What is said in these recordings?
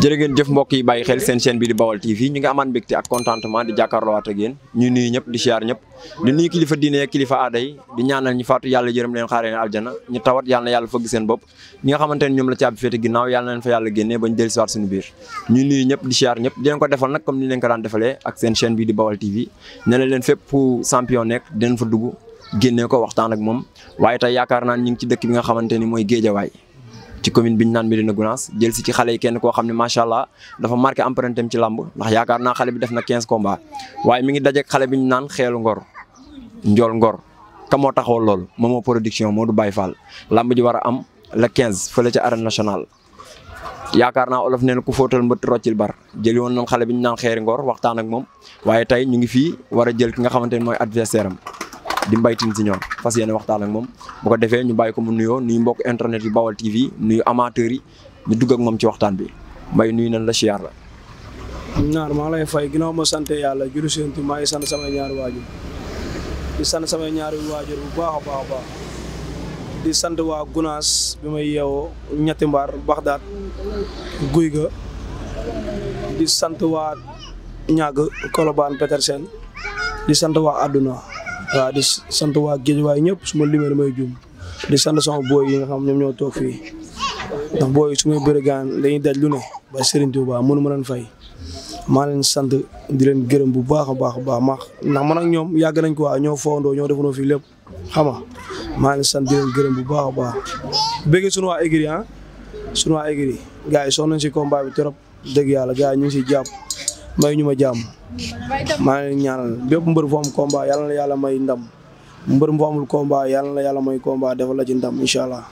jërë ngeen jëf mbokk yi bàyyi xel seen chaîne bi di Baol TV ñu ngi amaan mbégte ak contentement di jàkkaarloowaat ñëpp di siyaar ñëpp di nuyu kilifa diine kilifa aada yi di yàlla yërëm leen xaaree ne aljana ñu tawat yàlla yàlla seen bopp nga xamante ne ñoom la caabi féete ginnaaw yàlla na leen fa yàlla génnee bañ dellusiwaat suñu biir ñu nuyu ñëpp di siyaar ñëpp di leen ko defal nag comme ni leen ko daan defalee ak seen chaîne bi di Baol TV ne leen fépp champion nekk dinañ fa dugg génnee ko waxtaan ak moom waaye tey yaakaar naa ñu ngi ci dëkk bi nga xamante ni mooy géejawaay ci commune bi ñu naan Médina Gounass jël si ci xale yi kenn koo xam ne macha allah dafa marqué empreinte ci làmb ndax yaakaar naa xale bi def na 15 combats waaye mi ngi dajeeg xale bi ñu naan xeelu ngor njool ngor ka moo taxawal loolu moom production moo du Baye Fall làmb ji war a am le 15 fële ca arène nationale. yaakaar naa olof nee na ku fóotal mbët roccil bar jëli woon xale bi ñu naan xeeri ngor waxtaan ak moom waaye tey ñu ngi fii war a jël ki nga xamante ne mooy adversaire am di Mbaye Tine Junior fas yéene waxtaan ak moom bu ko defee ñu bàyyi ko mu nuyoo nuyu mbokk internet yu Baol TV nuyu amateurs yi ñu dugg ak moom ci waxtaan bi mbay nuyu nañ la siyaar la. ñaar maa lay fay ginnaaw ma sant yàlla julli seen maa ngi sant samay ñaari waajur di sant samay ñaari waajur bu baax a baax baax di sant waa Gunaas bi may yeewoo ñetti mbaar Baxdaat guy ga di sant waa ñaag Colobane Petersen di sant waa àdduna waaw di sant waa Guédiawaye ñëpp su ma limee may juum di sant sama booy yi nga xam ñoom ñoo toog fii ndax booy yi su may bëri gaan dañuy daj lu ne ba Serigne Touba mënu ma leen fay maa leen sant di leen gërëm bu baax a baax a baax maax ndax man ak ñoom yàgg nañ ko waa ñoo foondoo ñoo noo fii lépp xam nga maa leen sant di gërëm bu baax a baax bëggee sunu waa écurie ah sunu waa écurie gars yi sox nañ si combat bi trop dëgg yàlla gars yi ñu ngi si jàpp may ñu ma jàmm maa ngi ñaanal bépp mbër fu am combat yàlla na may ndam mbër mu amul combat yàlla na yàlla may combat defal la ci ndam incha allah.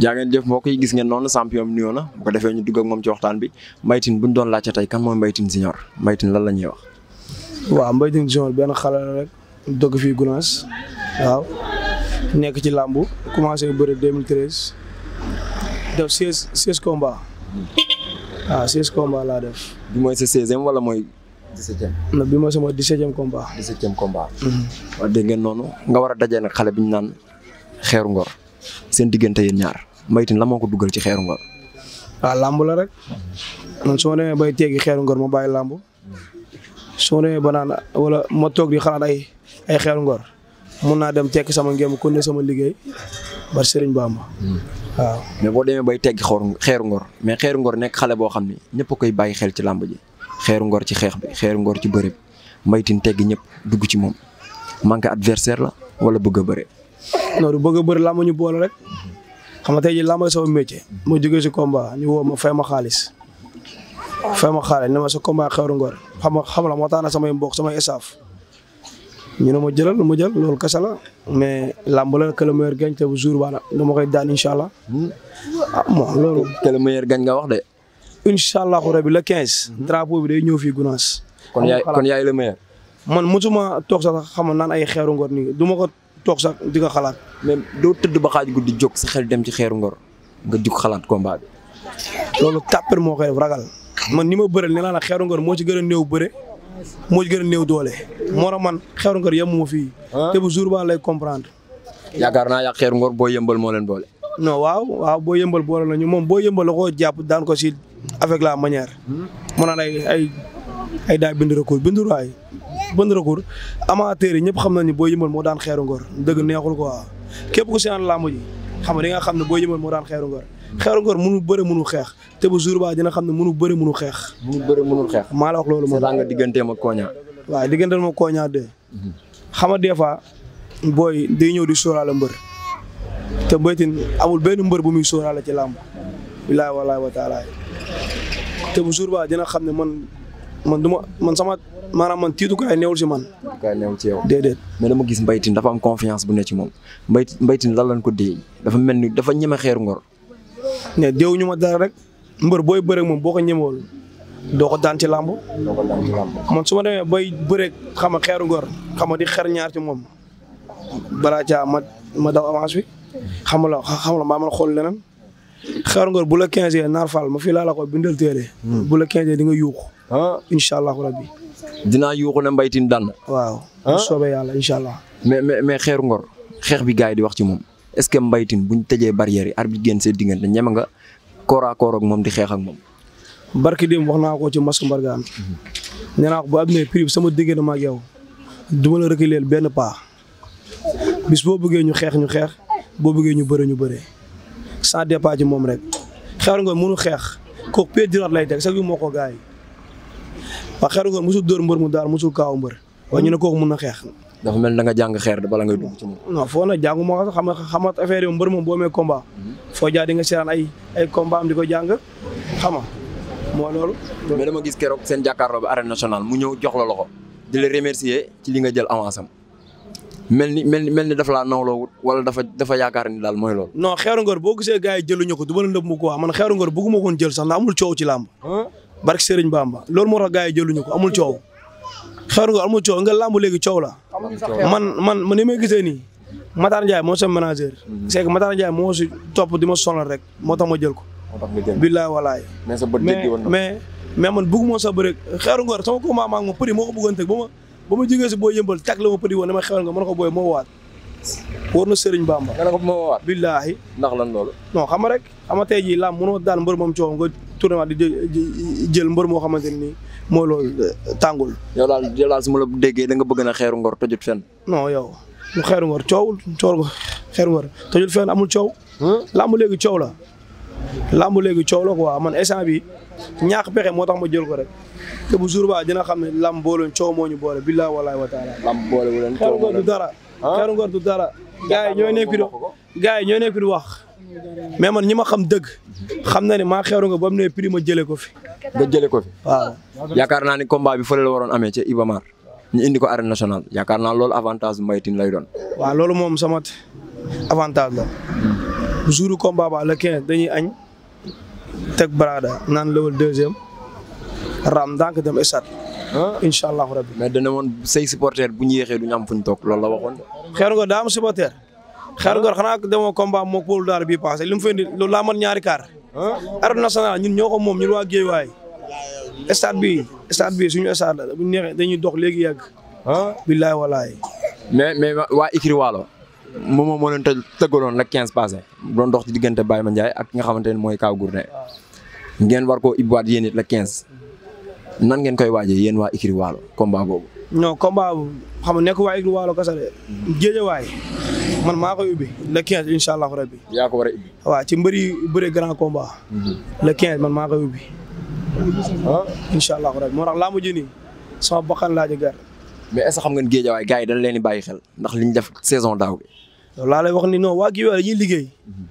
jaa ngeen jëf mbokk yi gis ngeen noonu champion bi nuyoo na bu ko defee ñu dugg moom ci waxtaan bi Mbaye Tine bu ñu doon laajte tey kan mooy Mbaye Tine Junior Mbaye Tine lan la ñuy wax. waaw Mbaye Tine benn xale la rek dëgg fii Gunaas waaw nekk ci làmbu commencé bëre 2013 def 16 16 combats waaw ah, 16 combats laa def. bi mooy sa seizième wala mooy dix-septième bi mooy sama dix-septième combat dix-septième combat mhm. waaw dégg ngeen noonu nga war a dajee nag xale bi ñu naan xeeru ngor seen diggante yéen ñaar Mbaye Tine la moo ko dugal ci xeeru a ah, waaw làmb la rek man su ba demee bay teegi xeeru ngor ma bàyyi làmb su ma demee ba naan wala ma toog di xalaat ay ay xeeru ngor mun naa dem tekki sama ngéem kon ne sama liggéey bar Serigne Bamba hmm. waaw. mais boo demee bay tekki xor xeeru ngor mais xeeru ngor nekk xale boo xam ni ñëpp koy bàyyi xel ci làmb ji xeeru ci xeex bi xeeru ngor ci bëre bi Mbaye Tine teggi ñëpp dugg ci moom manqué adversaire la wala bëgg a bëre. non du bëgg a bëri làmb ñu boole rek xam nga tey jii làmb sama métier ma jógee si combat ñu woo ma fay ma xaalis. Oh. fay ma xaalis ne ma sa combat xeeru ngor xam nga xam la moo tax na samay mbokk samay staff ñu ne ma jëlal ma jël loolu kese la mais làmb la que le te bu jour baa nag dama koy daan incha allah. Hmm. ah bon loolu. que le nga wax de. incha allahu rabi la 15. drapeau bi day ñëw fii Gunaas. kon yaay kon yaay man mosuma toog sax xam naan ay xeeru ngor nii du ma ko toog sax di ko xalaat. du tëdd ba xaaj guddi jok sa xel dem ci xeeru ngor nga jóg xalaat ko bi. loolu tàppar moo koy ragal man ni ma bëreel ne laa la xeeru ngor moo ci gën a néew bëre. moo gën a néew doole. moo tax man xeeru ngor yemuma fii. Ah. te bu jour ba lay comprendre. yaakaar naa yàq xeeru ngor boo yëmbal moo leen boole. non waaw boo yëmbal boole ñu moom boo yëmbal la koo jàpp daan ko si avec la manière. mu hmm. naan ay ay ay daay bind recours bind waay bind recours amateurs yi ñëpp xam nañu boo yëmbal moo daan xeeru ngor dëgg neexul quoi képp ku si aan làmb ji xam nga di nga xam ne boo yëmbal moo daan xeeru ngor. xeeru ngor mënu bëre mënu xeex te bu jour ba dina xam ne mënu bëre mënu xeex mënu bëre mënul xeex maa la wax loolu moom seetaan nga digganteem ak Koña waaw digganteel ma mhm. xam des fois booy day ñëw di sóoraale te baytin amul benn mbër bu muy sóoraale ci làmb billaahi wallaahi wa te bu jour ba xam ne man man du ma man sama maanaam man tiitukaay newul si man. tiitukaay newul ci yow. déedéet mais dama gis mbaytin dafa am confiance bu ne ci moom mbaytin mbaytin lan lañ ko dee dafa mel ni dafa ñeme xeeru ngor. ne déewu ñu ma dara rek mbër booy bëreeg moom boo ko ñemewul doo ko daan làmb. doo ko daan ci làmb. man su ma demee bay bëreeg xam nga xeeru ngor xam nga di xer ñaarti moom balaa caa ma ma daw avance bi xam la xam la maa mën xool leneen xeeru ngor bu la 15 naar faal ma fii laa ko bindal téere. Hmm. bu la 15 di nga yuuxu. Ah. incha allahu rabbi. dinaa yuuxu ne mbaytin daan. waaw. bu ah. soobee yàlla incha allah. mais mais mais xeeru ngor xeex bi gars yi di wax ci moom. est-ce que Mbaye Tine buñ tëjee yi arbitre génn seen diggante ñeme nga koor ak moom di xeex ak moom. barki dem wax na ko ci masque mbargaan nee naa ko bu amee sama diggante ma ak yow benn pas bis boo bëggee ñu xeex ñu xeex boo bëggee ñu bëre ñu bëre sans départ ci moom rek xeeru nga mënu xeex kooku pire dinaat lay teg sax moo ko gars yi dóor mbër mu daal mosul kaaw mbër waaye ñu ne kooku mun na xeex. dafa mel na nga jàng xeer de bala nga du ci moom. non foo na jàngu xam nga xam nga affaire yi mbër moom boo amee combat. Mhm. foo jaar di nga seeraan ay ay combat am di ko jàng xam nga moo loolu. mais dama gis keroog seen jàkkaarloo bi arène nationale mu ñëw jox la loxo di la remercier ci li nga jël avance am mel ni mel ni mel ni dafa laa nawloo wala dafa dafa yaakaar ni daal mooy loolu. no xeeru ngor boo gisee gars yi jëluñu ko du ma la ndëb mu ko wax man xeeru ngor bëgguma jël sax ndax amul coow ci làmb. barke Serigne Bamba loolu moo tax gars yi jëluñu ko amul coow xew nga amul coow nga làmb léegi coow la. man man man ni may gisee nii. Matar Ndiaye moo sama manager. c'est que Matar Ndiaye moo si topp di ma sona rek moo tax ma jël ko. moo tax nga jël billaay walaay. mais sa bët jéggi woon na mais mais man bëgguma sa bëre xeeru ngor sama combat ma përi moo ko teg ba ma ba ma jógee si boo yëmbal tag la ma përi woon dama xewal nga mën ko booy moo waat war na Serigne Bamba. nga ne ko bu ma woowaat. billaahi. ndax lan loolu. non xam nga rek ama nga tey jii làmb daal daan mbër moom coow nga tournoi di jël mbër moo xamante ni mooy loolu tàngul. yow daal yow daal su ma la déggee da nga bëgg na xeeru ngor tojut fenn. non yow xeeru ngor coowul coowul xeeru ngor tojut fenn amul coow. Hmm? làmb léegi coow la. làmb léegi coow la quoi man instant bi ñaax pexe moo tax ma jël ko rek te bu jour ba dina xam ne làmb boole coow moo ñu boole billaahi wallaahi wa taala. làmb boole wu leen coow du Ah. Karu Ngor du dara. gaa yi ñooy nekk du gaa wax. mais man ñi ma xam dëgg. xam na ne maa xeeru nga ba mu ne prix ma jëlee ko fi. nga jëlee ko fi waaw. yaakaar naa ni combat bi fële la waroon amee ci Ibamar. ñu indiko ko arène nationale yaakaar naa loolu avantage Mbaye Tine lay doon. waa loolu moom samat avantage la. Hmm. jour combat ba le 15 dañuy añ. teg barada naan lawal deuxième. ram ndànk dem stade. Ah. incha allahu rabbi mais dana woon say supporter bu ñu yéexee du ñu am fu ñu toog loolu la waxoon. xeeru ngor daa am supporter. xeeru ngor xanaa demoo combat moog Poul daar bii passé li mu fay indi loolu laa mën ñaari kaar. Ah. arène nationale ñun ñoo ko moom ñun waa Guédiawaye. stade bi stade bi suñu stade la bu ñu neexee dañuy dox léegi yàgg. Ah. billaay walaay. mais mais waa Ikri Waalo moom moo leen tëggaloon la 15 passé doon dox ci diggante ma Mandiaye ak nga xamante ne mooy Kaw Gourdin ngeen war ko ibbaat yéen la 15. nan ngeen koy waajee yéen waa Ikri Waalo combat boobu. non combat boobu xam nga nekk waa Ikri Waalo kasa de. waay man maa koy ubbi le 15 incha allahu rabbi. yaa ko war ubbi. waaw ci mbëri yu bëri grand komba mhm. le 15 man maa koy ubbi. ah incha rabbi moo tax laa mujj nii sama bakkan laa ci gar. mais est-ce que xam ngeen géejewaay gars yi dañ leen di bàyyi xel ndax liñ def saison daaw bi. laa lay wax ni non waa Guèye dañuy liggéey mhm.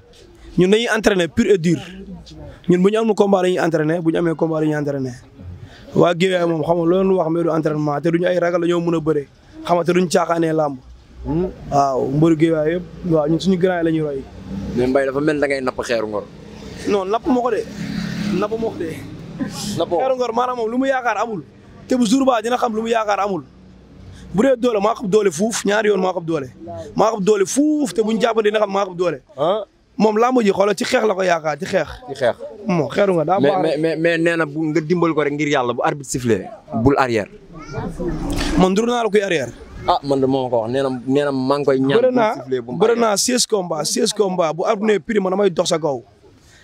ñun dañuy entraîner pur et dur ñun bu ñu amul combat dañuy bu ñu amee combat dañuy entraîner. waa Guédiawaye moom xam nga loolu wax mbiru entraînement te duñu ay ragal dañoo mun a bëre xam nga te duñ caaxaanee làmb hmm? waaw mbëru Guédiawaye yëpp waaw ñun suñu grand yi la ñuy roy. mais Mbaye dafa mel da ngay napp xeeru ngor. non napp moo ko de napp moo ko de. napp xeeru ngor maanaam moom lu mu yaakaar amul te bu jour ba dina xam lu mu yaakaar amul. bu dee doole maa doole fuuf ñaari yoon maa ko doole maa doole fuuf te buñ jàpp dina xam maa ko doole. moom làmb ji xoolal ci xeex la ko yaakaar ci xeex. xeex moom xeeru nga daa baax mais mais mais nee na bu nga dimbal ko rek ngir yàlla bu arbitre sifflé bul arrière. man dur naa la kuy arrière. ah man de moo ma ko wax nee na nee na maa koy ñaan. bu mu sifflé naa bëri naa seize combats seize combats bu arbitre ne prix man damay dox kaw.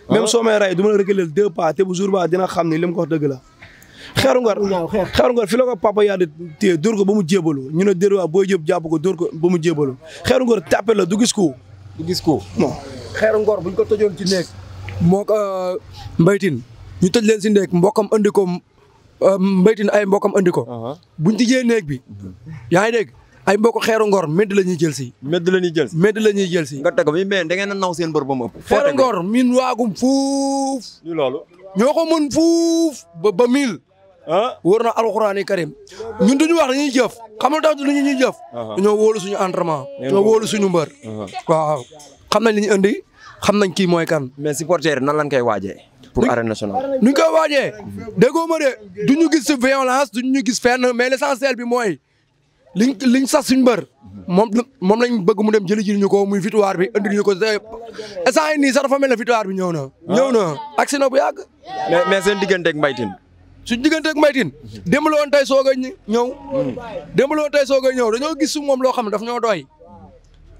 Ah. même soo may rey du ma la reculer deux te bu jour ba dina xam ni li ko wax dëgg la. xeeru ngar xeeru ngar fi la ko papa yaa di téye ko ba mu jébalu ñu ne déedéet waa booy jëb jàpp ko dóor ko ba mu jébalu xeeru ngar tàppe la du gis ko. du gis ko xeeru ngor buñ ko tojoon ci néeg moo euh, mbaytin ñu tëj leen si néeg mbokkam andi ko euh, mbaytin ay mbokkam andi ko uh-huh. buñ tijjee néeg bi yaa ngi dégg ay mbokk xeeru ngor medd la ñuy jël si medd la ñuy jël si medd la ñuy jël si nga teg mi mais da ngeen a naw seen bër ba mu ëpp xeeru ngor min waagum fuuf ñu loolu ñoo ko mën fuuf ba ba mil ah wóor na alxuraani karim ñun duñu wax dañuy jëf xam nga tax du ñuy jëf uh-huh. dañoo wóolu suñu entraînement dañoo wóolu suñu mbër uh-huh. waaw xam nañ li ñu indi xam nañ kii mooy kan. mais supporter nan lañ koy waajee. pour arène nationale. nuñ koy waajee déggoo ma de du ñu gis si violence du ñu gis fenn mais l' essentiel bi mooy liñ liñ sas suñ mbër. moom moom lañ bëgg mu dem jëli ji ñu ko muy victoire bi indi ñu ko te instant yii nii sax dafa mel ne victoire bi ñëw na. Ah. ñëw na agsi na bu yàgg. mais mais seen digganteeg Mbaye Tine. suñ digganteeg Mbaye Tine démb la woon tey soog a ñëw. Hmm. démb la woon tey soog a ñëw dañoo gis su moom loo xam ne daf ñoo doy.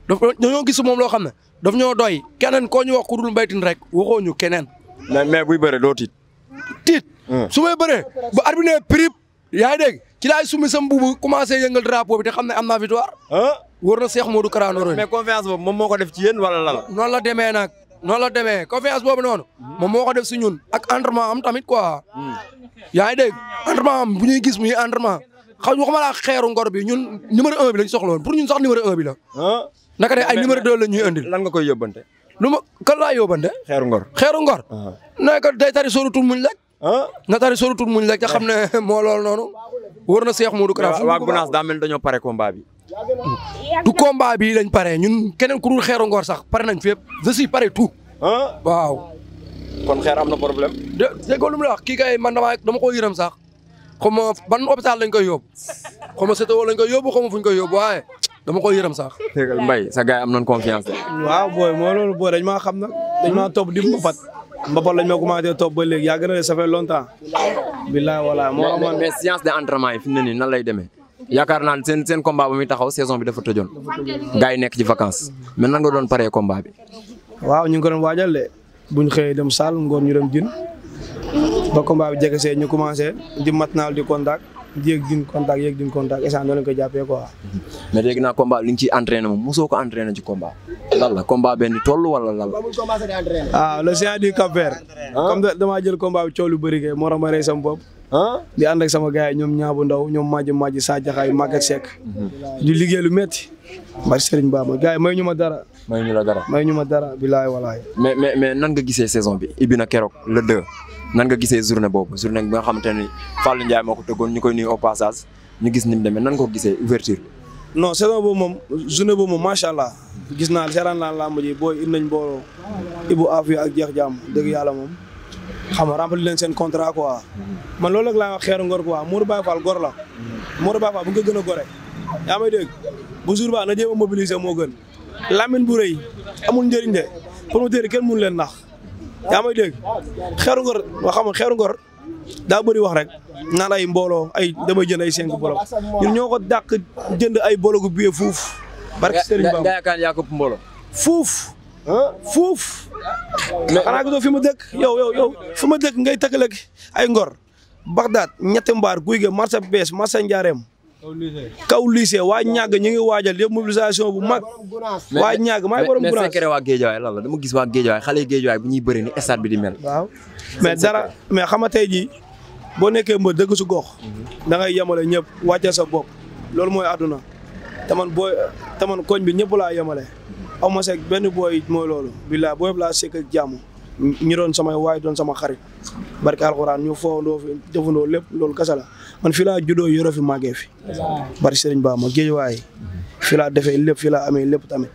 daf dañoo gis moom loo xam ne daf ñoo doy keneen koo ñu wax ku dul Mbaye Tine rek waxoo ñu keneen. mais mais buy bëre doo tiit. tiit. Hmm. su may bëree bu arbitre prip yaa ngi dégg ci laay summi sam buubu commencé yëngal drapeau bi te xam ne am naa victoire. wóor na Cheikh Modou Kara Ndoye. mais confiance boobu moom moo ko def ci yéen wala lan. noonu la demee nag noonu la demee confiance boobu noonu. Hmm. moom moo ko def si ñun ak entraînement am tamit quoi. Hmm. yaa ngi dégg entraînement am bu ñuy gis muy entraînement xam waxuma laa xeeru ngor bi ñun numéro un bi lañ soxla pour ñun sax numéro un bi la. naka de ay numéro dool la ñuy andil. lan nga koy yóbbante. lu ma kan laa yóbbante. xeeru ngor xeeru ngor. Ah. na ko day tari sóorutul muñ lekk. Ah. na tari sóorutul muñ lekk te xam ne moo loolu noonu. wër na Cheikh Modou Kara. waaw waaw Gunaas daa mel dañoo pare combat bi. du combat bi lañ pare ñun keneen ku dul xeeru ngor sax pare nañ fépp je suis pare tout. Ah. waaw. kon xeer am na problème. de déggoo lu mu la wax kii kay man damaa dama ko yërëm sax xaw ma ban hôpital lañ koy yóbbu xaw ma CTO lañ koy yóbbu xaw ma koy dama koy yërëm sax. dégg Mbaye sa gars yi am nañ confiance de. waaw booy moo loolu booy dañ maa xam nag dañ maa topp di mbapat mbapat lañ ma commencé topp ba yaa gën a ça fait longtemps. bilaay walaay moo amoon mais séance de entraînement yi fi mu ne nii nan lay demee. yaakaar naa seen seen muy taxaw saison bi dafa tëjoon. gars nekk ci vacances. mais nan doon paree combat bi. waaw ñu ngi ko doon waajal de buñ xëyee dem saal ngoon ñu dem jin ba combat bi jege see ñu commencé yéeg duñ contact yéeg duñ contact instant noonu lañ ko jàppee quoi. mais dégg naa combat li nga ciy entraîné moom mosoo ko entraîné ci combat. lan la combat benn toll wala la. ah le géant du Cap Vert. Ah, ah. damaa jël combat bi coow lu bëri kay moo tax ma rey sama ah. di ànd ak sama gars yi ñoom ñaabu ndaw ñoom Madji Madji Sa Jaxaay Maguette Seck. di liggéey lu métti. bari Serigne Ba ma gars yi may ñu ma dara. may ñu la dara may ñu ma dara bilaay walaay. mais mais mais nan nga gisee saison bi ibbi na keroog le nan nga gisee journée boobu journée bi nga xamante ni Fallou Ndiaye moo ko tëggoon ñu koy nuyu au passage ñu gis ni mu demee nan nga ko gisee ouverture bi. non saison boobu moom journée boobu moom macha allah gis naa seeraan naa làmb ji booy indi nañ mbooloo Ibou Afia ak jeex jaam dëgg yàlla moom xam nga rempli leen seen contrat quoi. man loolu rek laa wax xeeru ngor quoi Modou Baye Fall gor la. Modou Baye Fall bu nga gën a gore. yaa may dégg jour ba na jéem a mobiliser moo gën. Lamine bu rëy amul njëriñ de promoteur yi kenn mënu leen nax. yaa may dégg xeeru ngor nga xam xeeru ngor daa bëri wax rek naan ay mbooloo ay damay jënd ay cinq bolog ñun ñoo ko dàq jënd ay bologu biyee fuuf barke Serigne Bamba yaakaar yaa mbooloo fuuf fuuf xanaa gisoo fi ma dëkk yow yow yow fi ma dëkk ngay tëkkaleeg ay ngor Bagdad ñetti mbaar guy ge marché bees marché njaareem kaw lycée waa ñàgg ñu ngi waajal yëpp mobilisation bu mag. waa ñàgg maay borom gunaas mais secret waa géejawaay lan la dama gis waa géejawaay xale yi géejawaay bu ñuy bëri ni stade bi di mel. waaw mais dara mais xam nga tey jii boo nekkee mbër dëgg su gox. Mhm. da ngay yemale ñëpp wàcce sa bopp loolu mooy àdduna taman booy taman koñ bi ñëpp laa yemale aw ma seeg benn booy mooy loolu. billaay booy laa sekk ak ñi doon samay waay doon sama xarit barke alxuraan ñu foofandoo fi defandoo lépp loolu kasa la man fii laa juddoo yoroo fi màggee fi. bari sëriñ Ba ma géejawaay fii laa defee lépp fii laa amee lépp tamit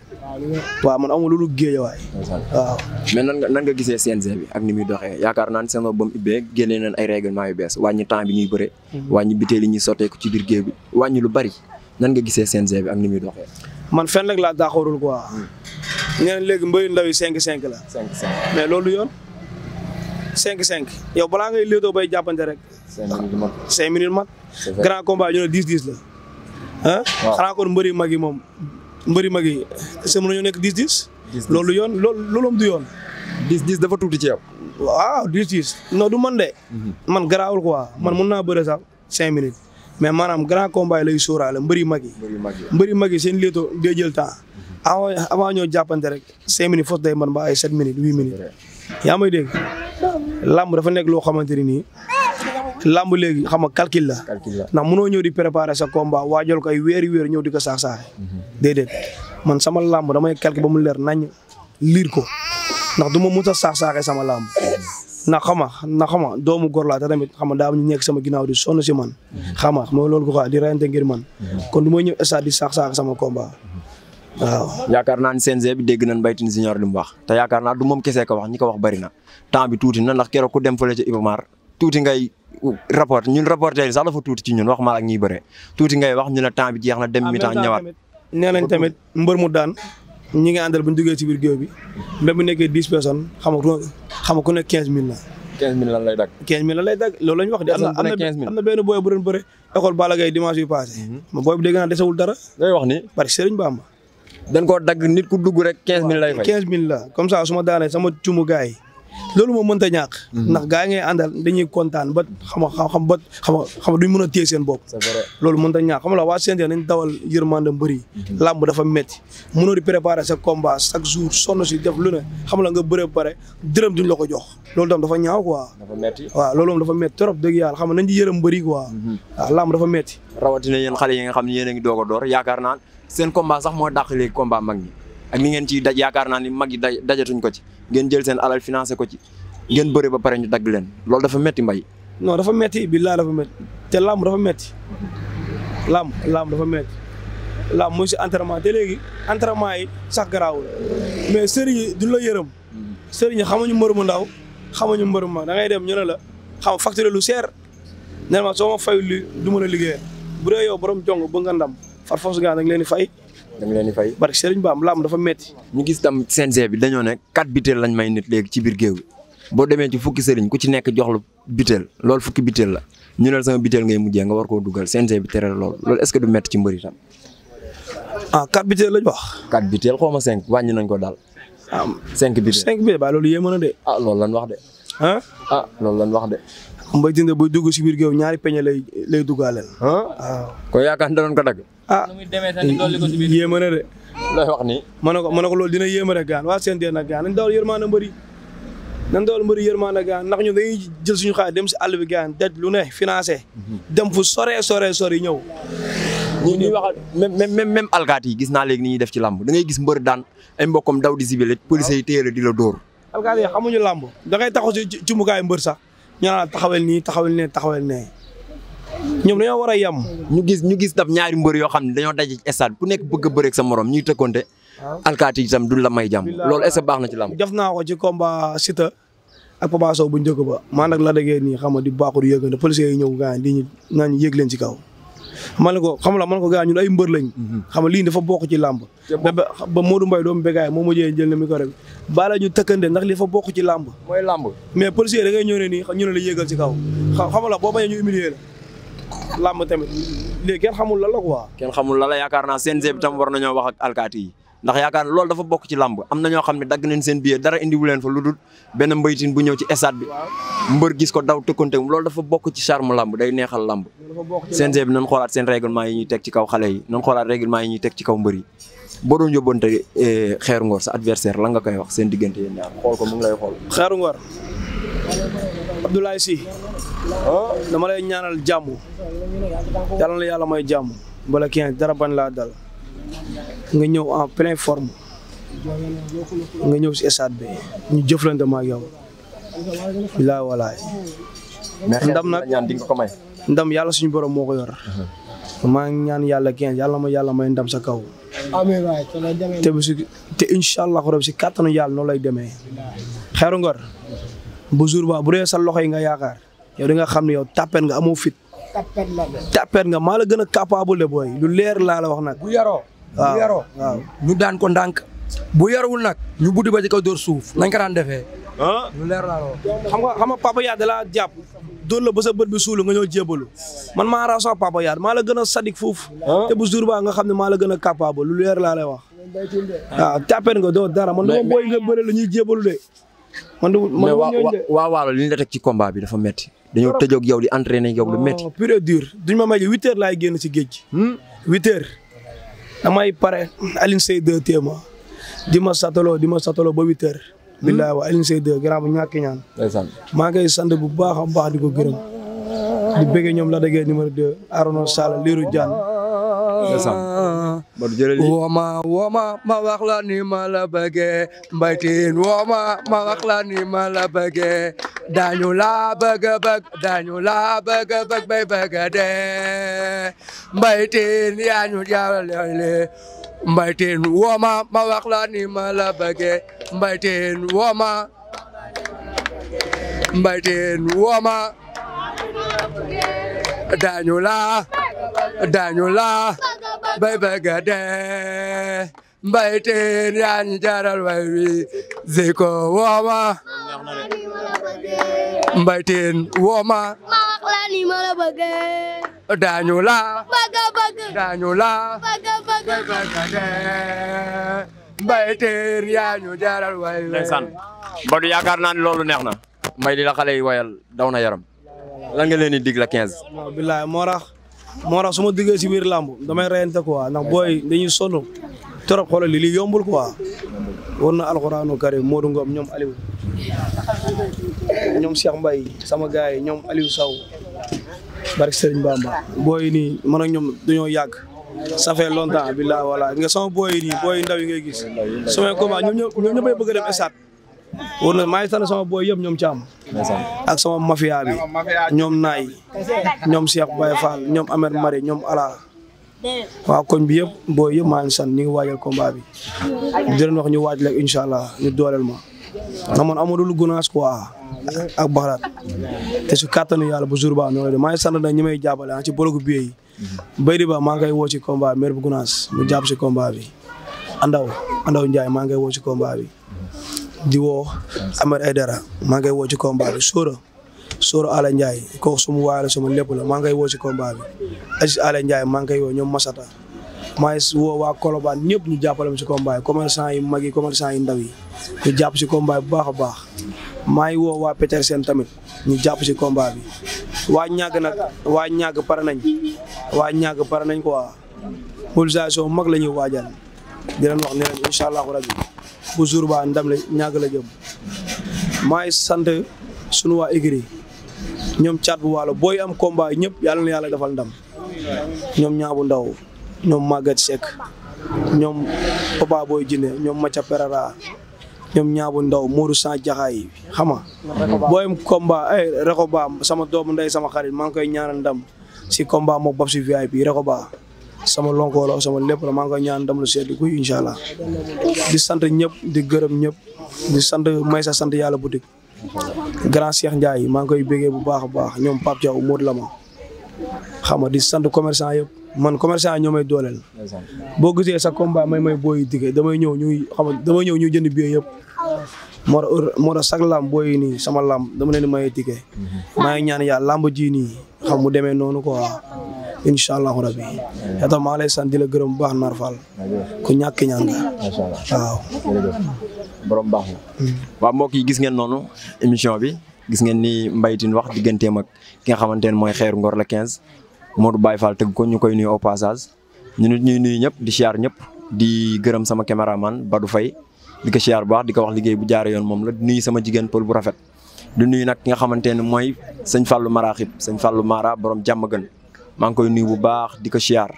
waaw man amul lu géejawaay waaw. mais nan nga nan nga gisee CNG bi ak ni muy doxee yaakaar naa ne seen bopp ba mu ubbee génnee nañ ay règlement yu bees wàññi temps bi ñuy bëre. Mm-hmm. wàññi biteel yi ñuy sotteeku ci biir géew bi wàññi lu bari nan nga gisee CNG bi ak ni muy doxee. man fenn rek laa daaxoorul quoi. ñeneen léegi mbëri ndaw yi 5-5 la. 5-5 mais loolu yoon. 5-5 yow bala nga léetoo bay jàppante rek. 5 minutes mat 5 minutes mat. grand combat ñu ne 10-10 la. ah xanaa kon mbëri mag yi moom mbëri mag yi est-ce que nekk 10 loolu yoon loolu loolu du yoon. 10-10 dafa tuuti ci yow. waaw 10-10 non du man de. Mhm. man garaawul quoi man mun naa bëre sax 5 minutes. mais maanaam grand combat yi lay sóoraale mbëri mag yi. mbëri mag yi seen léeto day jël temps. Mhm. avant avant ñoo jàppante rek cinq minutes foofu day man baa ay set minutes huit minutes. yaa may dégg làmb dafa nekk loo xamante ne nii làmb léegi xam nga calcul la. ndax mënoo ñëw di préparer sa combat waajal ko ay weer weer ñëw di ko saax saaxe mhm. déedéet man sama làmb damay calcul ba mu leer nañ liir ko ndax du ma mën a saax sama làmb. Mhm. na xama na xama doomu góor laa te tamit xama daa am ñu sama ginnaaw di sonn si man xama mooy loolu ko quoi di reyante ngir man kon du may ñëw stade di saax-saax sama combat waaw yaakaar naa ni CNG bi dégg nañ Mbaye Tine Junior li mu wax te yaakaar naa du moom kesee ko wax ñi ko wax bëri na temps bi tuuti na ndax keroog ku dem fële ca Ibamar tuuti ngay rapport ñun rapporter yi sax dafa tuuti ci ñun wax ma ak ñuy bëre tuuti ngay wax ñu ne temps bi jeex na dem mi temps ñëwaat nee nañ tamit mbër mu daan ñi nga àndal bu ñu duggee ci biir géew bi même bu nekkee dix personnes xam nga xam nga ku nekk quinze mille la. quinze mille la ñu wax. de am na am na benn booy bu doon bëre école Balla Gaye dimanche yu passé. Mhm. ma booy bu dégg desewul dara. day wax ni parce que Serigne Bamba. dagg nit ku dugg rek quinze mille lay fay. quinze mille la comme ça su ma daanee sama cumu gars loolu moom moo mënta ñàkk. Mhm. ndax gaa ngay àndal dañuy kontaan ba xam xam ba xam xam duñ mun a téye seen bopp. loolu mënta ñàkk xam la waa CNG nañ dawal yërmande mbër yi. Mhm. làmb dafa métti mënoo di préparer sa combat chaque jour sonn si def xam la nga bëre ba pare dërëm duñ la ko jox loolu tam dafa ñaaw quoi. dafa métti waaw loolu dafa métti trop dëgg yàlla xam nañ ci yërëm mbër yi quoi. Mhm. waaw dafa métti. rawatina yéen xale yi nga xam ne yéen a ngi doog door yaakaar naa seen combat sax moo dàq léegi combat mag ñi ak ni ngeen ci daj yaakaar naa ni mag yi dajatuñ ko ci ngeen jël seen alal financé ko ci ngeen bëre ba pare ñu dagg leen loolu dafa metti mbay non dafa metti billaay dafa metti te làmb dafa metti làmb làmb dafa metti làmb mooy si entraînement te léegi entraînement yi sax garaawul mais sëriñ yi la yërëm sëriñ yi xamuñu mbër mu ndaw xamuñu mbër mu mag da ngay dem ñu ne la xam facturé lu seer ne ma soo ma fay lu du ma la liggéeyal bu dee yow borom jong bëgg nga ndam far force gaa nag leen di fay dañ leen di fay. barke Serigne Bam lamb dafa metti ñu gis tam CNG bi dañoo ne quatre lañ may nit léegi ci biir géew bi boo demee ci fukki sëriñ ku ci nekk jox la butéel loolu fukki butéel la ñu ne la sama butéel ngay mujjee nga war koo dugal CNG bi tere loolu loolu est-ce que du metti ci mbëri tam. ah quatre butéel lañ wax. quatre butéel xaw ma cinq wàññi nañ ko daal. ah cinq butéel cinq butéel baa loolu yéeme na de. ah loolu lan wax de. ah loolu la lan wax de. mbay dinde buy dugg si biir géew ñaari peñe lay lay duggaaleel. waaw ah. kon yaakaar doon ko dagg. ah yéema na de. looy wax nii. ma ne ko ma ne ko loolu dina yéema rek gaan waa CNG nag gaan nañ dawal yërmaande mbëri nañ dawal mbëri yërmaande gaan ndax ñu dañuy jël suñu xaalis dem si àll bi gaan daj lu ne financé. dem fu sore sore sore ñëw. ñu ñuy wax même même même alkaati yi gis naa léegi ni ñuy def ci làmb da ngay gis mbër daan ay mbokkam daw di zibil police yi téye di la dóor. alkaati yi xamuñu làmb da ngay taxaw si ci mukaay mbër sax ñaa naan taxawal nii ne nee taxawal nee ñoom dañoo war a yem. ñu gis ñu gis tam ñaari mbër yoo xam ne dañoo daje ci bu nekk bëgg a bëreeg sa morom ñuy tëkkonte. Ah. alkaati itam du la may jàmm. loolu est-ce que baax na ci lamb. def naa ko ci bu njëkk ba man nag la déggee xam nga di baaxu di yëgante policiers yi ñëw ñu naan leen ci kaw. man la ko xam la man ko gars ñun ay mbër lañ. Mhm. xam nga lii dafa bokk ci làmb. ba ba Modou Mbaye doomu Bégaay moo na bokk ci làmb. mooy làmb mais policier da ngay ñëw ne nii ñu ne la yéegal ci kaw. xam la ñu humilier làmb tamit léegi kenn xamul la la quoi. kenn xamul la la yaakaar naa CNG bi tam war nañoo wax ak alkaati yi ndax yaakaar loolu dafa bokk ci làmb am na ñoo xam ne dagg na nañ seen billet dara indiwu leen fa lu dul benn mbaytin bu ñëw ci stade bi mbër gis ko daw tëkkante loolu dafa bokk ci charme làmb day neexal làmb CNG bi nañ xoolaat seen règlement yi ñuy teg ci kaw xale yi nañ xoolaat règlement yi ñuy teg ci kaw mbër yi boo doon yóbbante eh, Xeeru Ngor sa adversaire la nga koy wax seen diggante yéen ñaar xool ko mu ngi lay xool Xeeru Ngor Abdoulaye Oh, dama lay ñaanal jàmm yàlla yàlla may jàmm bala kii dara bañ laa dal nga ñëw en pleine forme nga ñëw si stade bi ñu jëflante ma ak yow. bilaay walaay. ndam nag ñaan di ndam yàlla suñu borom moo ko yor. Uh-huh. maa ñaan yàlla kenn yàlla ma yàlla may ndam sa kaw. amiin waay te bu si incha allah rabi si kàttanu yàlla noonu lay demee. Xeeru Ngor bu jour ba bu dee sa loxo yi nga yaakaar. yow di nga xam ne yow tapet nga amoo fit. tapet nga maa la gën a capable de booy lu leer laa la wax nag. bu yaroo bu yaroo waaw ñu daan ko ndànk. bu yarawul nag ñu buddi ba ci kaw suuf nañ daan defee. Ah. lu leer laa la wax. xam nga xam nga papa yaa da laa jàpp. dóor la ba sa bët bi suulu nga ñëw jébalu man maa raw sama papa yaat maa la gën a sadik foofu. Ah. te bu ba nga xam ne maa la gën a capable lu leer laa lay wax. waaw ah, nga doo dara man dama booy nga bëri la ñuy de. man de man waa waalo li la teg ci combat bi dafa metti dañoo tëjoog yow di entraîné yow lu metti pure dur duñ ma may huit heures laay génn ci géej gi. Hmm? huit heures damay pare Alioune Seye 2 téema di ma sataloo di ma sataloo ba huit heures. Hmm? billaay wa Alioune Seye 2 grand bu ñàkk ñaan. maa ngi koy sant bu baax a baax di ko gërëm. di bëggee ñoom la déggee numéro 2 Arouna Sall Lirou Diane. wooma wooma ma wax la ni ma la bëggee mbaytin wooma ma wax la ni ma la bëggee dañu la bëgg bëgg dañu la bëgg bëgg bay bëgg dee mbaytin yaa ñu jaarale mbaytin wooma ma wax la ni ma la bëggee mbaytin wooma mbaytin wooma dañu la dañu la bay bëgg a dee mbay teen yaa ñu jaral way wi ziko wooma mbay teen wooma dañu la dañu la bay bëgg a dee mbay teen yaa ñu jaral way wi ndeysaan Badou yaakaar naa ne loolu neex na may li la xale yi wayal daw na yaram lan nga leen di dig la 15 bilaay moo rax moo suma su si biir làmb damay reyante quoi ndax booy dañu sonn trop xoolal li lii yombul quoi war na alxuraanu karim Modou Ngom ñoom Aliou ñoom Cheikh Mbaye sama gars yi ñoom saw Sow barke Serigne Bamba booy nii man ak ñoom dañoo yàgg ça fait longtemps billahi wala nga sama booy nii booy ndaw yi ngay gis sama combat ñoom ñoom ñëpp bëgg a dem stade wóor na maa ngi sant sama booy yëpp ñoom Thiam. ak sama mafia bi ñoom Naay ñoom Cheikh Baye Fall ñoom Amer Mari ñoom Ala. waaw koñ bi yëpp booy yëpp maa ngi sant ñu ngi waajal combat bi. di leen wax ñu waaj rek incha allah ñu dooleel ma. xam man amadul gunaas quoi ak baxlaat te su kàttanu yàlla bu jur ba noonu de maa ngi sant nag ñi may jàppale ah, ci bologu biye yi bay di ba maa ngay woo ci combat maire bu gunaas mu jàpp si combat bi andaw andaw Ndiaye maa ngay woo ci combat di woo Amar Aidara maa ngay woo ci combat bi Sora ale Ala Ndiaye kooku suma waay la suma lépp la maa ngay woo ci combat bi Aziz Ala Ndiaye maa ngay woo ñoom Masata maa ngi woo waa Colobane ñëpp ñu jàppale ma ci combat yi commerçant yi mag yi commerçant yi ndaw yi ñu jàpp ci combat bu baax a baax maa ngi woo waa seen tamit ñu jàpp ci combat bi waa ñàgg nag waa ñàgg pare nañ waa ñàgg pare nañ quoi mobilisation mag la ñuy waajal di wax ne leen incha allahu rabi bu jour ba ndam la ñàgg la jëm maay sant sunu waa écurie ñoom caat bu waalo booy am combat ñëpp yàlla na yàlla defal ndam ñoom ñaa ñaabu ndaw ñoom Maguette Seck ñoom Papa booy Djiné ñoom Macha Perara ñoom ñaabu ndaw Modou saa Jaxaay xam nga booy am combat ay Rekoba sama doomu ndey sama xarit maa ngi koy ñaanal ndam si combat moom bi VIP Rekoba sama lonko la sama lépp la maa ngi koy ñaan ndam lu sedd guy incha allah di sant ñëpp di gërëm ñëpp di sant may sa sant yàlla boutique grand Cheikh Ndiaye maa ngi koy bégee bu baax a baax ñoom Pape Diaw Modou Lama xam nga di sant commerçant yëpp man commerçant ñoo may dooleel boo gisee sa combat may may booy dikkee damay ñëw ñuy xam damay ñëw ñuy jënd billet yëpp moo moo tax chaque booy nii sama lamb dama leen di may ticket mhm. maa ngi ñaan yàlla lamb ji nii xam mu demee noonu ko incha allah rabi ma tax maa lay sant di la gërëm bu baax Naar Fall ku ñàkk ñaan nga waaw borom baax la waaw mbokk yi gis ngeen noonu émission bi gis ngeen ni Mbaye wax digganteem ak ki nga xamante ne mooy xeer Ngor la 15 Modou Baye Fall tëgg ko ñu koy nuyu au passage ñu nit ñuy nuyu ñëpp di siyaar ñëpp di gërëm sama caméraman ba du fay ko siyaar bu baax di ko wax liggéey bu jaare yoon moom la di nuyu sama jigéen pël bu rafet di nuyu nag ki nga xamante ne mooy sëñ Fallou Mara sëñ Fallou Mara borom jàmm gën maa ngi koy nuyu bu baax di ko siyaar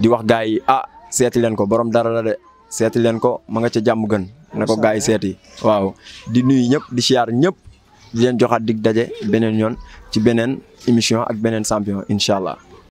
di wax gars yi ah seeti leen ko borom dara la de seeti leen ko ma nga ca jàmm gën na ko gars yi seeti waaw di nuyu ñëpp di siyaar ñëpp di leen joxaat dig daje beneen yoon ci beneen émission ak beneen champion incha allah.